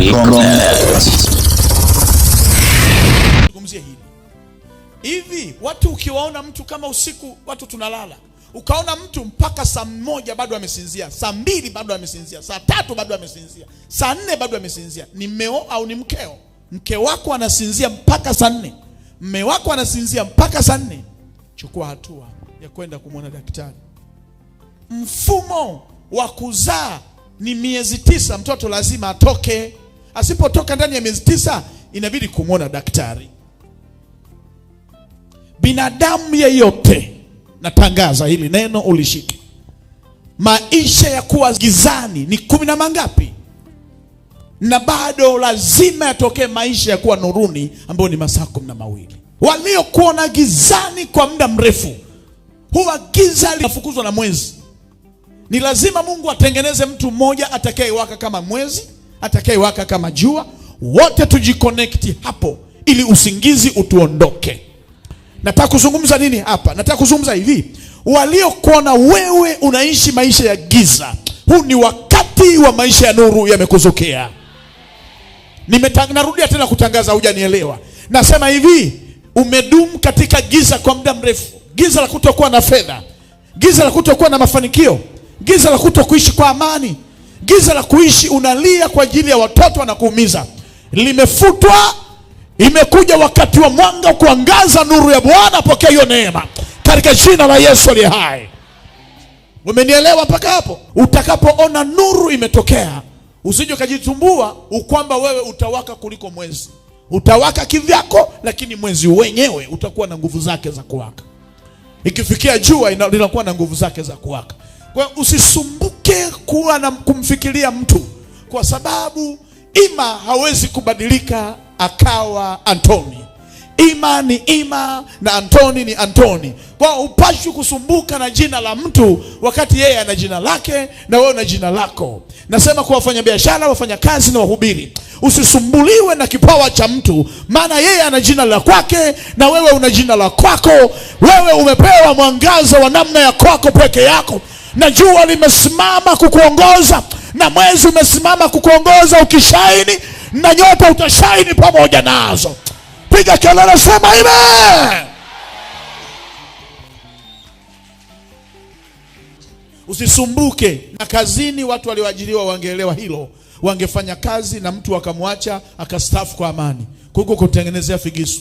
hili hivi, watu ukiwaona mtu kama usiku watu tunalala, ukaona mtu mpaka saa moja bado amesinzia, saa mbili bado amesinzia, saa tatu bado amesinzia, saa nne bado amesinzia, ni mmeo au ni mkeo? Mke wako anasinzia mpaka saa nne, mme wako anasinzia mpaka saa nne, chukua hatua ya kwenda kumwona daktari. Mfumo wa kuzaa ni miezi tisa, mtoto lazima atoke. Asipotoka ndani ya miezi tisa, inabidi kumwona daktari. Binadamu yeyote, natangaza hili neno, ulishike. Maisha ya kuwa gizani ni kumi na mangapi, na bado lazima yatokee maisha ya kuwa nuruni, ambayo ni masaa kumi na mawili. Waliokuona gizani kwa muda mrefu, huwa giza linafukuzwa na mwezi. Ni lazima Mungu atengeneze mtu mmoja atakayewaka kama mwezi atakayewaka kama jua. Wote tujikonekti hapo, ili usingizi utuondoke. Nataka kuzungumza nini hapa? Nataka kuzungumza hivi, waliokuona wewe unaishi maisha ya giza, huu ni wakati wa maisha ya nuru yamekuzukia. Narudia tena kutangaza, hujanielewa. Nasema hivi, umedumu katika giza kwa muda mrefu, giza la kutokuwa na fedha, giza la kutokuwa na mafanikio, giza la kutokuishi kwa amani giza la kuishi, unalia kwa ajili ya watoto wanakuumiza, limefutwa. Imekuja wakati wa mwanga kuangaza, nuru ya Bwana. Pokea hiyo neema katika jina la Yesu aliye hai. Umenielewa mpaka hapo? Utakapoona nuru imetokea, usije ukajitumbua ukwamba wewe utawaka kuliko mwezi. Utawaka kivyako, lakini mwezi wenyewe utakuwa na nguvu zake za kuwaka. Ikifikia jua linakuwa na nguvu zake za kuwaka. Kwa usisumbuke kuwa na kumfikiria mtu, kwa sababu ima hawezi kubadilika akawa Antoni, ima ni ima na Antoni ni Antoni. Kwa upashu upashwi kusumbuka na jina la mtu wakati yeye ana jina lake na wewe una jina lako. Nasema kwa wafanyabiashara, wafanyakazi na wahubiri, usisumbuliwe na kipawa cha mtu, maana yeye ana jina la kwake na wewe una jina la kwako. Wewe umepewa mwangaza wa namna ya kwako peke yako na jua limesimama kukuongoza na mwezi umesimama kukuongoza ukishaini na nyota utashaini pamoja nazo. Piga kelele, sema amen. Usisumbuke na kazini. Watu walioajiriwa wangeelewa hilo, wangefanya kazi na mtu akamwacha akastaafu kwa amani, kuko kutengenezea figisu,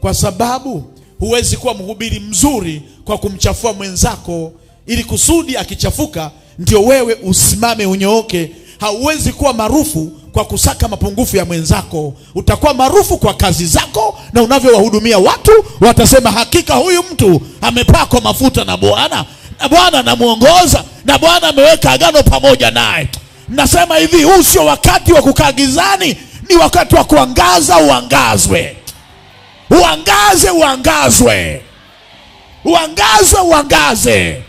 kwa sababu huwezi kuwa mhubiri mzuri kwa kumchafua mwenzako ili kusudi akichafuka ndio wewe usimame unyooke. Hauwezi kuwa maarufu kwa kusaka mapungufu ya mwenzako. Utakuwa maarufu kwa kazi zako na unavyowahudumia watu, watasema hakika huyu mtu amepakwa mafuta na Bwana na Bwana anamwongoza na Bwana ameweka agano pamoja naye. Nasema hivi, huu sio wakati wa kukaa gizani, ni wakati wa kuangaza. Uangazwe, uangaze, uangazwe, uangaze, uangaze.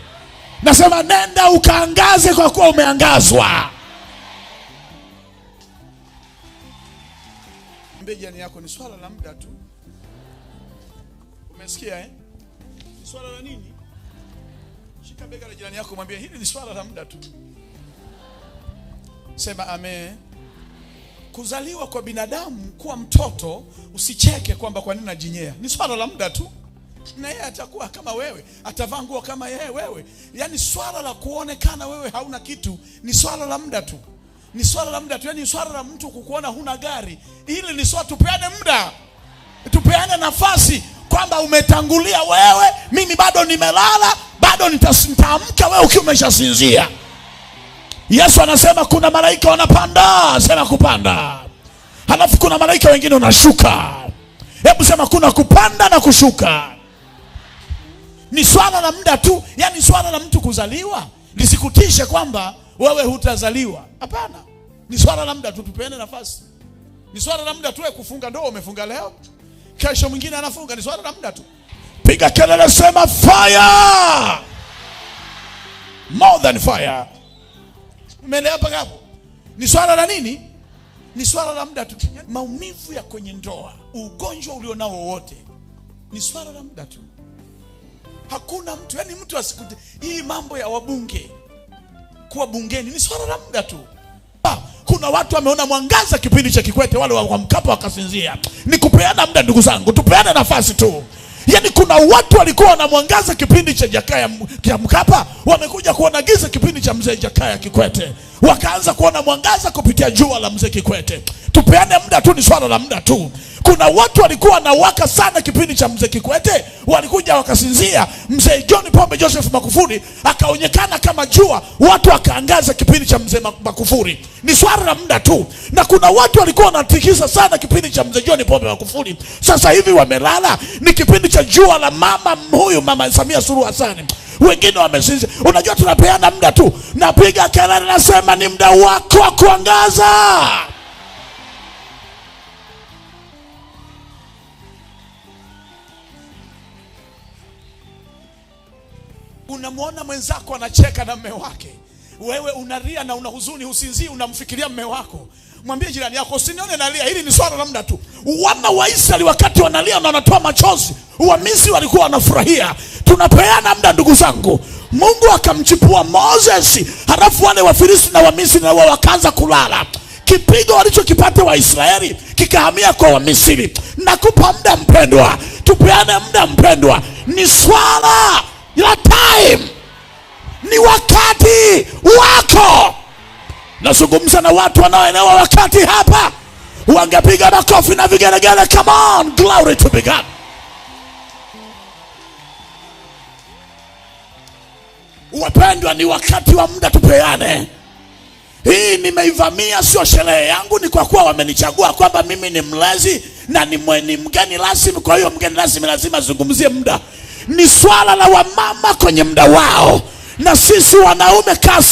Nasema nenda ukaangaze, kwa kuwa umeangazwa. Mbejani yako ni swala la muda tu, umesikia eh? Ni swala la nini? Shika bega la jirani yako, mwambie hili ni swala la muda tu. Sema amen. Kuzaliwa kwa binadamu kuwa mtoto, usicheke kwamba kwa nini najinyea, ni swala la muda tu na yeye atakuwa kama wewe, atavaa nguo kama yeye wewe. Yaani swala la kuonekana wewe hauna kitu ni swala la muda tu, ni swala la muda tu, yaani swala la mtu kukuona huna gari, ili ni swala. Tupeane muda, tupeane nafasi kwamba umetangulia wewe, mimi bado nimelala, bado nitaamka, wewe ukiwa umeshasinzia. Yesu anasema kuna malaika wanapanda, sema kupanda, halafu kuna malaika wengine unashuka. Hebu sema kuna kupanda na kushuka ni swala la muda tu, yani swala la mtu kuzaliwa lisikutishe kwamba wewe hutazaliwa. Hapana, ni swala la muda tu, tupeane nafasi. Ni swala la muda tu, kufunga ndoa umefunga leo, kesho mwingine anafunga, ni swala la muda tu. Piga kelele, sema fire, more than fire. Umeelewa mpaka hapo? Ni swala la nini? Ni swala la muda tu. Maumivu ya kwenye ndoa, ugonjwa ulionao wowote, ni swala la muda tu hakuna mtu yani mtu asikute hii mambo ya wabunge kuwa bungeni ni swala la muda tu kuna watu wameona mwangaza kipindi cha Kikwete, wale wa Mkapa wakasinzia. Ni kupeana muda, ndugu zangu, tupeane nafasi tu. yani kuna watu walikuwa wanamwangaza kipindi cha Jakaya ya Mkapa, wamekuja kuona giza kipindi cha mzee Jakaya Kikwete, wakaanza kuona mwangaza kupitia jua la mzee Kikwete. Tupeane muda tu, ni swala la muda tu. Kuna watu walikuwa wanawaka sana kipindi cha mzee Kikwete, walikuja wakasinzia. Mzee John Pombe Joseph Magufuli akaonekana kama jua, watu wakaangaza kipindi cha mzee Magufuli. Ni swala la muda tu, na kuna watu walikuwa wanatikisa sana kipindi cha mzee John Pombe Magufuli, sasa hivi wamelala. Ni kipindi cha jua la mama huyu, mama Samia Suluhu Hassan wengine wamesinzia. Unajua, tunapeana muda tu, napiga kelele, nasema ni muda wako wa kuangaza. Unamwona mwenzako anacheka na mme wake, wewe unalia na una huzuni, usinzii, unamfikiria mme wako. Mwambie jirani yako, usinione nalia, hili ni swala la muda tu. Wana wa Israeli wakati wanalia na wanatoa machozi, Wamisri walikuwa wanafurahia. Tunapeana muda, ndugu zangu. Mungu akamchipua Moses, halafu wale Wafilisti na Wamisri na wao wakaanza kulala. Kipigo walichokipata Waisraeli kikahamia kwa Wamisri. Nakupa muda mpendwa, tupeane muda mpendwa, ni swala your time, ni wakati wako. Nazungumza na watu wanaoelewa wakati hapa, wangepiga makofi na vigelegele. Come on, glory to be God. Wapendwa, ni wakati wa muda tupeane. Hii nimeivamia, sio sherehe yangu, ni kwa kuwa wamenichagua kwamba mimi ni mlezi na ni mgeni rasmi. Kwa hiyo mgeni rasmi lazima azungumzie muda ni swala la wamama kwenye muda wao, na sisi wanaume kasimba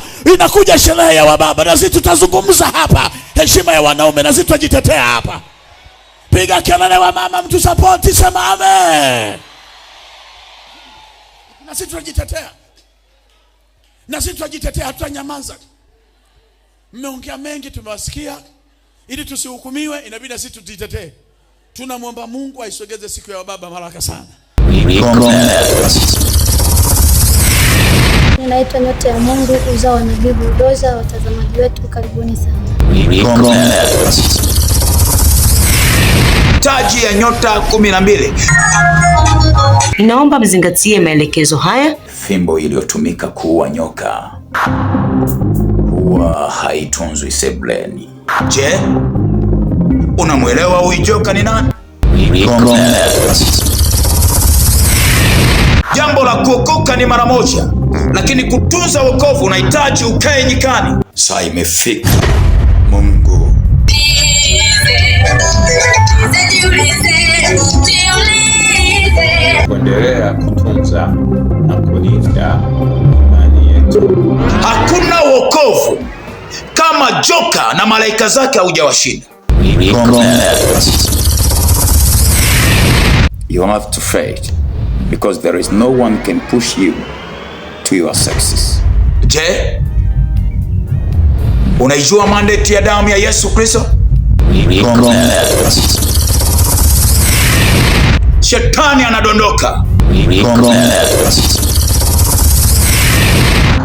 Simba inakuja sherehe ya wababa, na sisi tutazungumza hapa heshima ya wanaume, na sisi tutajitetea hapa. Piga kelele wamama, mtu sapoti, sema amen, na sisi tutajitetea, na sisi tutajitetea, hatutanyamaza. Mmeongea mengi, tumewasikia. Ili tusihukumiwe, inabidi sisi tujitetee. Tunamwomba Mungu aisogeze siku ya wababa haraka sana. Nyota ya Mungu uzao wa Nabii Watazamaji wetu karibuni sana. Taji ya nyota 12. Ninaomba mzingatie maelekezo haya. Fimbo iliyotumika kuua nyoka huwa haitunzwi sebleni. Je, unamwelewa huyu joka ni nani? Jambo la kuokoka ni mara moja, lakini kutunza wokovu unahitaji ukae nyikani. Saa imefika Mungu kuendelea kutunza na kulinda imani yetu. Hakuna wokovu kama joka na malaika zake haujawashinda. You have to fight because there is no one can push you to your success. Je, unaijua mandate ya damu ya Yesu Kristo? Shetani anadondoka.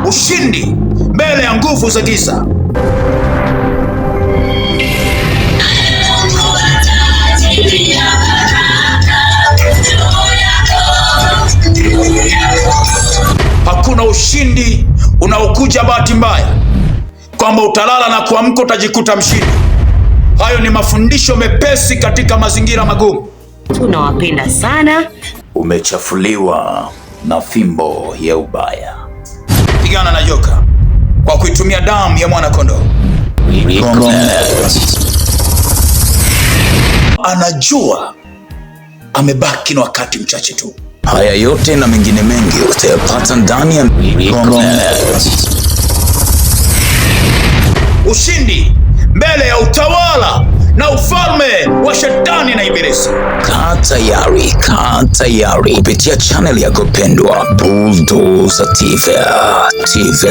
Ushindi mbele ya nguvu za giza. unaokuja bahati mbaya, kwamba utalala na kuamka utajikuta mshindi. Hayo ni mafundisho mepesi katika mazingira magumu. Tunawapenda sana. Umechafuliwa na fimbo ya ubaya. Pigana na joka kwa kuitumia damu ya mwana kondoo. Anajua amebaki na wakati mchache tu. Haya yote na mengine mengi utayapata ndani ya ushindi mbele ya utawala na ufalme wa shetani na ibilisi. Kaa tayari, kaa tayari kupitia chaneli yako pendwa Bulldozer TV. TV.